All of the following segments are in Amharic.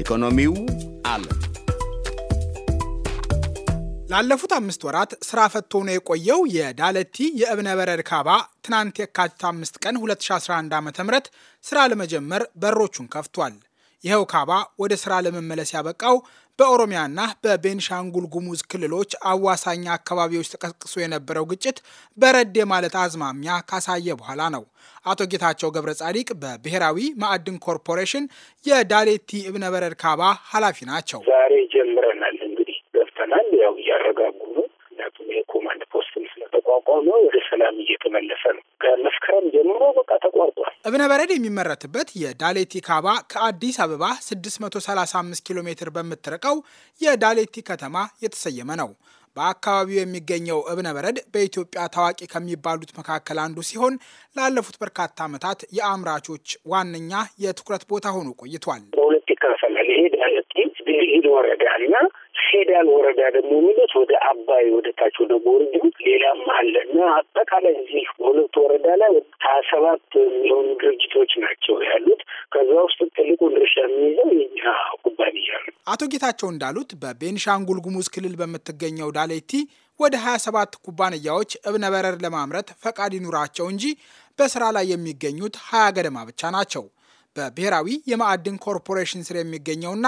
ኢኮኖሚው አለ። ላለፉት አምስት ወራት ስራ ፈቶ ሆኖ የቆየው የዳለቲ የእብነ በረድ ካባ ትናንት የካቲት አምስት ቀን 2011 ዓ ም ስራ ለመጀመር በሮቹን ከፍቷል። ይኸው ካባ ወደ ስራ ለመመለስ ያበቃው በኦሮሚያና በቤንሻንጉል ጉሙዝ ክልሎች አዋሳኝ አካባቢዎች ተቀስቅሶ የነበረው ግጭት በረድ የማለት አዝማሚያ ካሳየ በኋላ ነው። አቶ ጌታቸው ገብረ ጻዲቅ በብሔራዊ ማዕድን ኮርፖሬሽን የዳሌቲ እብነበረድ ካባ ኃላፊ ናቸው። ዛሬ ጀምረናል ቆሞ ወደ ሰላም እየተመለሰ ነው። ከመስከረም ጀምሮ በቃ ተቋርጧል። እብነ በረድ የሚመረትበት የዳሌቲ ካባ ከአዲስ አበባ 635 ኪሎ ሜትር በምትርቀው የዳሌቲ ከተማ የተሰየመ ነው። በአካባቢው የሚገኘው እብነ በረድ በኢትዮጵያ ታዋቂ ከሚባሉት መካከል አንዱ ሲሆን ላለፉት በርካታ ዓመታት የአምራቾች ዋነኛ የትኩረት ቦታ ሆኖ ቆይቷል። በሁለት ይከፈላል። ይሄ ዳለቲ ብልሂል ወረዳ እና ሴዳል ወረዳ ደግሞ የሚለት ወደ አባይ ወደ ታች ወደ ቦርጅ ሌላም አለ እና አጠቃላይ እዚህ በሁለት ወረዳ ላይ ሀያ ሰባት የሚሆኑ ድርጅቶች ናቸው ያሉት። ከዛ ውስጥ ትልቁ ድርሻ የሚይዘው የኛ ኩባንያ ነው። አቶ ጌታቸው እንዳሉት በቤንሻንጉል ጉሙዝ ክልል በምትገኘው ዳሌቲ ወደ 27 ኩባንያዎች እብነበረር ለማምረት ፈቃድ ይኑራቸው እንጂ በስራ ላይ የሚገኙት ሀያ ገደማ ብቻ ናቸው። በብሔራዊ የማዕድን ኮርፖሬሽን ስር የሚገኘውና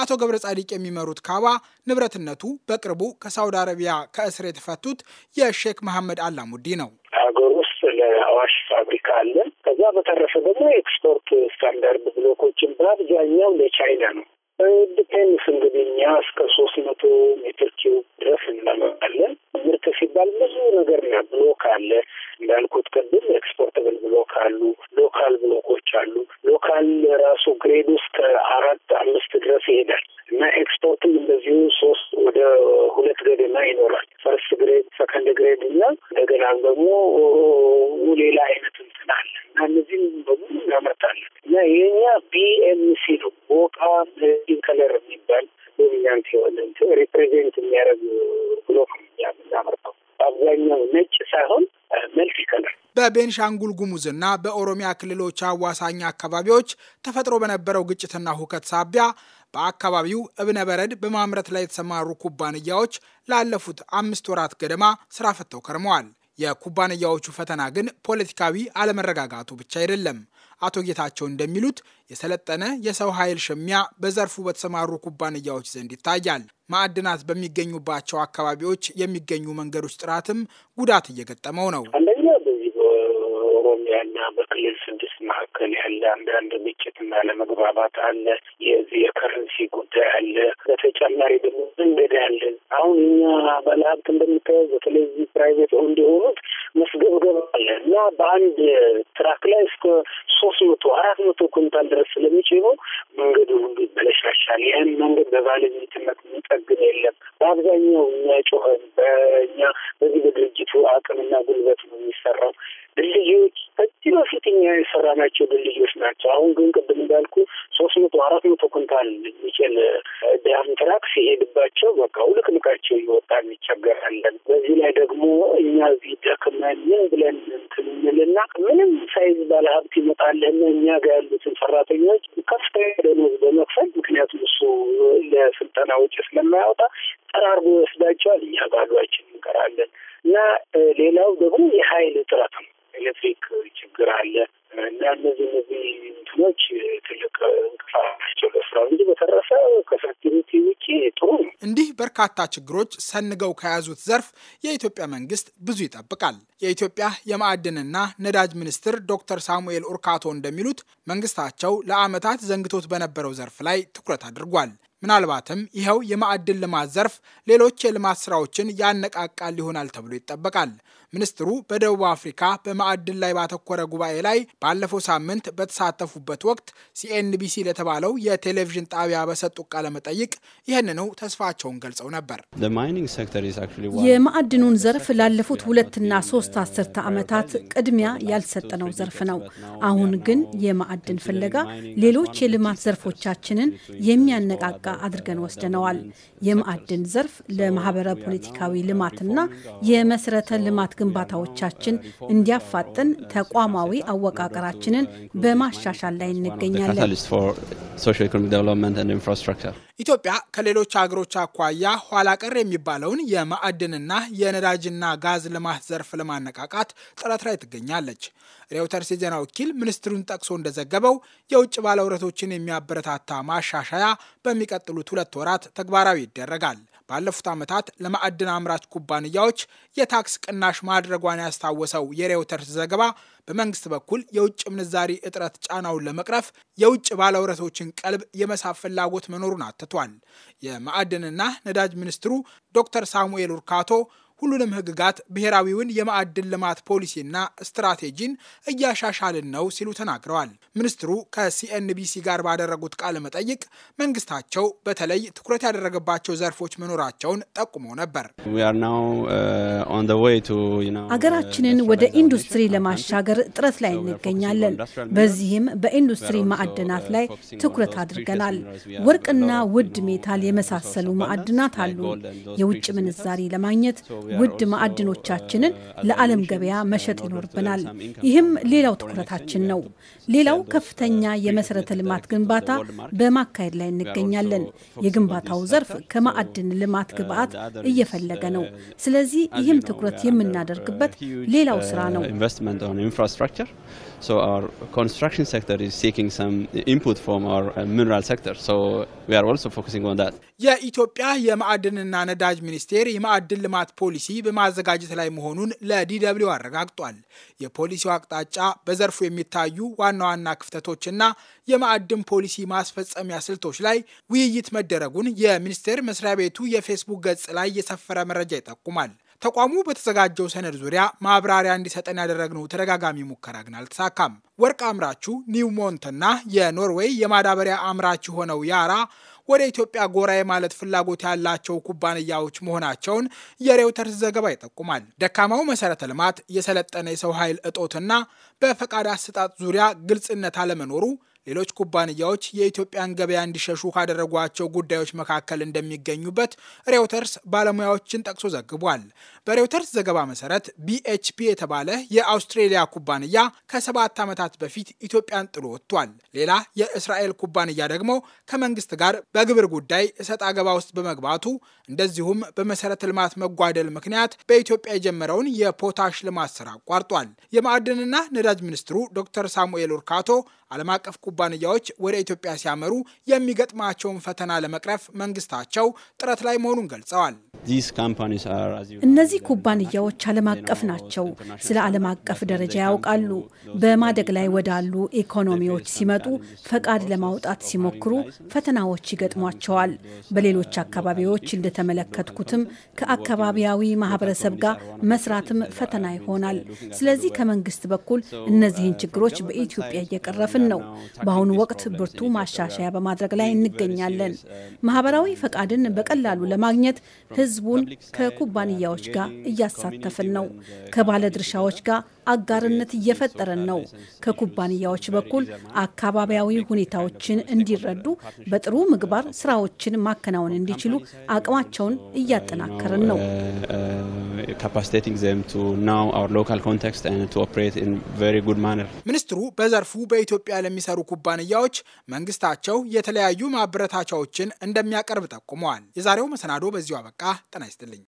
አቶ ገብረ ጻዲቅ የሚመሩት ካባ ንብረትነቱ በቅርቡ ከሳውዲ አረቢያ ከእስር የተፈቱት የሼክ መሐመድ አላሙዲ ነው። ሀገር ውስጥ ለአዋሽ ፋብሪካ አለ። ከዛ በተረፈ ደግሞ ኤክስፖርት ስታንዳርድ ብሎኮችን በአብዛኛው ለቻይና ነው። ዲፔንስ እንግዲህ እኛ እስከ ሶስት መቶ ሜትር ኪዩ ድረስ እናመጣለን። ምርት ሲባል ብዙ ነገር ነው። ብሎክ አለ እንዳልኩት ቅድም አሉ። ሎካል ብሎኮች አሉ። ሎካል የራሱ ግሬድ ውስጥ አራት አምስት ድረስ ይሄዳል እና ኤክስፖርትም እንደዚሁ ሶስት ወደ ሁለት ገደማ ይኖራል። ፈርስት ግሬድ፣ ሰከንድ ግሬድ እና እንደገና ደግሞ ሌላ አይነት እንትን አለ እና እነዚህም በሙሉ እናመርታለን እና የኛ ቢኤምሲ በቤንሻንጉል እና በኦሮሚያ ክልሎች አዋሳኝ አካባቢዎች ተፈጥሮ በነበረው ግጭትና ሁከት ሳቢያ በአካባቢው እብነ በረድ በማምረት ላይ የተሰማሩ ኩባንያዎች ላለፉት አምስት ወራት ገደማ ስራ ፈተው ከርመዋል። የኩባንያዎቹ ፈተና ግን ፖለቲካዊ አለመረጋጋቱ ብቻ አይደለም። አቶ ጌታቸው እንደሚሉት የሰለጠነ የሰው ኃይል ሽሚያ በዘርፉ በተሰማሩ ኩባንያዎች ዘንድ ይታያል። ማዕድናት በሚገኙባቸው አካባቢዎች የሚገኙ መንገዶች ጥራትም ጉዳት እየገጠመው ነው። በወረዳና በክልል ስድስት መካከል ያለ አንዳንድ ግጭትና ለመግባባት አለ። የዚህ የከረንሲ ጉዳይ አለ። በተጨማሪ ደግሞ መንገድ አለ። አሁን እኛ ባለሀብት እንደምታየው በተለይ ፕራይቬት ኦንድ የሆኑት መስገብገብ አለ እና በአንድ ትራክ ላይ እስከ ሶስት መቶ አራት መቶ ኩንታል ድረስ ስለሚችሉ መንገዱ ሁሉ ይበለሻሻል። ይህን መንገድ በባለቤትነት የሚጠግን የለም። በአብዛኛው እኛ ጮኸን በእኛ በዚህ በድርጅቱ አቅምና ጉልበት ነው የሚሰራው ድልድዮች ከዚህ በፊት እኛ የሰራናቸው ድልድዮች ናቸው። አሁን ግን ቅድም እንዳልኩ ሶስት መቶ አራት መቶ ኩንታል የሚችል ዳምትራክ ሲሄድባቸው በቃ ሁልክ ምቃቸው እየወጣ እንቸገራለን። በዚህ ላይ ደግሞ እኛ እዚህ ደክመን ምን ብለን ትንልና ምንም ሳይዝ ባለሀብት ይመጣልና እኛ ጋር ያሉትን ሰራተኞች ከፍተኛ ደሞዝ በመክፈል ምክንያቱም እሱ ለስልጠና ውጭ ስለማያወጣ ጠራርጎ ይወስዳቸዋል። እኛ ባሏችን እንቀራለን እና ሌላው ደግሞ የሀይል እጥረት ነው። ኤሌክትሪክ ችግር አለ እና እነዚህ እነዚህ እንትኖች ትልቅ እንቅፋት ናቸው እንጂ በተረፈ ከፈክቲቪቲ ውጭ ጥሩ ነው። እንዲህ በርካታ ችግሮች ሰንገው ከያዙት ዘርፍ የኢትዮጵያ መንግስት ብዙ ይጠብቃል። የኢትዮጵያ የማዕድንና ነዳጅ ሚኒስትር ዶክተር ሳሙኤል ኡርካቶ እንደሚሉት መንግስታቸው ለዓመታት ዘንግቶት በነበረው ዘርፍ ላይ ትኩረት አድርጓል። ምናልባትም ይኸው የማዕድን ልማት ዘርፍ ሌሎች የልማት ስራዎችን ያነቃቃል ይሆናል ተብሎ ይጠበቃል። ሚኒስትሩ በደቡብ አፍሪካ በማዕድን ላይ ባተኮረ ጉባኤ ላይ ባለፈው ሳምንት በተሳተፉበት ወቅት ሲኤንቢሲ ለተባለው የቴሌቪዥን ጣቢያ በሰጡ ቃለ መጠይቅ ይህንኑ ተስፋቸውን ገልጸው ነበር። የማዕድኑን ዘርፍ ላለፉት ሁለትና ሶስት አስርተ ዓመታት ቅድሚያ ያልሰጠነው ዘርፍ ነው። አሁን ግን የማዕድን ፍለጋ ሌሎች የልማት ዘርፎቻችንን የሚያነቃቃ አድርገን ወስደነዋል። የማዕድን ዘርፍ ለማህበረ ፖለቲካዊ ልማትና uh, የመሰረተ ልማት ግንባታዎቻችን uh, uh, እንዲያፋጥን ተቋማዊ አወቃቀራችንን በማሻሻል ላይ እንገኛለን። ሶሻል ኢኮኖሚክ ዴቨሎፕመንት ኤንድ ኢንፍራስትራክቸር። ኢትዮጵያ ከሌሎች ሀገሮች አኳያ ኋላ ቀር የሚባለውን የማዕድንና የነዳጅና ጋዝ ልማት ዘርፍ ለማነቃቃት ጥረት ላይ ትገኛለች። ሬውተርስ የዜና ወኪል ሚኒስትሩን ጠቅሶ እንደዘገበው የውጭ ባለውረቶችን የሚያበረታታ ማሻሻያ በሚቀጥሉት ሁለት ወራት ተግባራዊ ይደረጋል። ባለፉት ዓመታት ለማዕድን አምራች ኩባንያዎች የታክስ ቅናሽ ማድረጓን ያስታወሰው የሬውተርስ ዘገባ በመንግስት በኩል የውጭ ምንዛሪ እጥረት ጫናውን ለመቅረፍ የውጭ ባለውረቶችን ቀልብ የመሳብ ፍላጎት መኖሩን አትቷል። የማዕድንና ነዳጅ ሚኒስትሩ ዶክተር ሳሙኤል ኡርካቶ ሁሉንም ህግጋት ብሔራዊውን የማዕድን ልማት ፖሊሲና ስትራቴጂን እያሻሻልን ነው ሲሉ ተናግረዋል። ሚኒስትሩ ከሲኤንቢሲ ጋር ባደረጉት ቃለ መጠይቅ መንግስታቸው በተለይ ትኩረት ያደረገባቸው ዘርፎች መኖራቸውን ጠቁመው ነበር። uh, uh, አገራችንን ወደ ኢንዱስትሪ ለማሻገር ጥረት ላይ እንገኛለን። በዚህም በኢንዱስትሪ ማዕድናት ላይ ትኩረት አድርገናል። ወርቅና ውድ ሜታል የመሳሰሉ ማዕድናት አሉ። የውጭ ምንዛሪ ለማግኘት ውድ ማዕድኖቻችንን ለዓለም ገበያ መሸጥ ይኖርብናል። ይህም ሌላው ትኩረታችን ነው። ሌላው ከፍተኛ የመሰረተ ልማት ግንባታ በማካሄድ ላይ እንገኛለን። የግንባታው ዘርፍ ከማዕድን ልማት ግብዓት እየፈለገ ነው። ስለዚህ ይህም ትኩረት የምናደርግበት ሌላው ስራ uh, ነው። uh, የኢትዮጵያ የማዕድንና ነዳጅ ሚኒስቴር የማዕድን ልማት ፖሊ ፖሊሲ በማዘጋጀት ላይ መሆኑን ለዲደብሊው አረጋግጧል። የፖሊሲው አቅጣጫ በዘርፉ የሚታዩ ዋና ዋና ክፍተቶችና የማዕድን ፖሊሲ ማስፈጸሚያ ስልቶች ላይ ውይይት መደረጉን የሚኒስቴር መስሪያ ቤቱ የፌስቡክ ገጽ ላይ የሰፈረ መረጃ ይጠቁማል። ተቋሙ በተዘጋጀው ሰነድ ዙሪያ ማብራሪያ እንዲሰጠን ያደረግነው ተደጋጋሚ ሙከራ ግን አልተሳካም። ወርቅ አምራቹ ኒውሞንትና የኖርዌይ የማዳበሪያ አምራች የሆነው ያራ ወደ ኢትዮጵያ ጎራ የማለት ፍላጎት ያላቸው ኩባንያዎች መሆናቸውን የሬውተርስ ዘገባ ይጠቁማል። ደካማው መሰረተ ልማት፣ የሰለጠነ የሰው ኃይል እጦትና በፈቃድ አሰጣጥ ዙሪያ ግልጽነት አለመኖሩ ሌሎች ኩባንያዎች የኢትዮጵያን ገበያ እንዲሸሹ ካደረጓቸው ጉዳዮች መካከል እንደሚገኙበት ሬውተርስ ባለሙያዎችን ጠቅሶ ዘግቧል። በሬውተርስ ዘገባ መሰረት ቢኤችፒ የተባለ የአውስትሬሊያ ኩባንያ ከሰባት ዓመታት በፊት ኢትዮጵያን ጥሎ ወጥቷል። ሌላ የእስራኤል ኩባንያ ደግሞ ከመንግስት ጋር በግብር ጉዳይ እሰጥ አገባ ውስጥ በመግባቱ እንደዚሁም በመሰረተ ልማት መጓደል ምክንያት በኢትዮጵያ የጀመረውን የፖታሽ ልማት ስራ አቋርጧል። የማዕድንና ነዳጅ ሚኒስትሩ ዶክተር ሳሙኤል ኡርካቶ ዓለም አቀፍ ኩባንያዎች ወደ ኢትዮጵያ ሲያመሩ የሚገጥማቸውን ፈተና ለመቅረፍ መንግስታቸው ጥረት ላይ መሆኑን ገልጸዋል። እነዚህ ኩባንያዎች ዓለም አቀፍ ናቸው። ስለ ዓለም አቀፍ ደረጃ ያውቃሉ። በማደግ ላይ ወዳሉ ኢኮኖሚዎች ሲመጡ ፈቃድ ለማውጣት ሲሞክሩ ፈተናዎች ይገጥሟቸዋል። በሌሎች አካባቢዎች እንደተመለከትኩትም ከአካባቢያዊ ማህበረሰብ ጋር መስራትም ፈተና ይሆናል። ስለዚህ ከመንግስት በኩል እነዚህን uh, ችግሮች በኢትዮጵያ እየቀረፍን ነው። በአሁኑ ወቅት ብርቱ ማሻሻያ በማድረግ ላይ እንገኛለን። uh, ማህበራዊ uh, ፈቃድን በቀላሉ ለማግኘት ህዝብ ህዝቡን ከኩባንያዎች ጋር እያሳተፍን ነው። ከባለድርሻዎች ጋር አጋርነት እየፈጠረን ነው። ከኩባንያዎች በኩል አካባቢያዊ ሁኔታዎችን እንዲረዱ በጥሩ ምግባር ስራዎችን ማከናወን እንዲችሉ አቅማቸውን እያጠናከርን ነው። capacitating them to now our local context and to operate in very good manner. ሚኒስትሩ በዘርፉ በኢትዮጵያ ለሚሰሩ ኩባንያዎች መንግስታቸው የተለያዩ ማበረታቻዎችን እንደሚያቀርብ ጠቁመዋል። የዛሬው መሰናዶ በዚሁ አበቃ። ጤና ይስጥልኝ።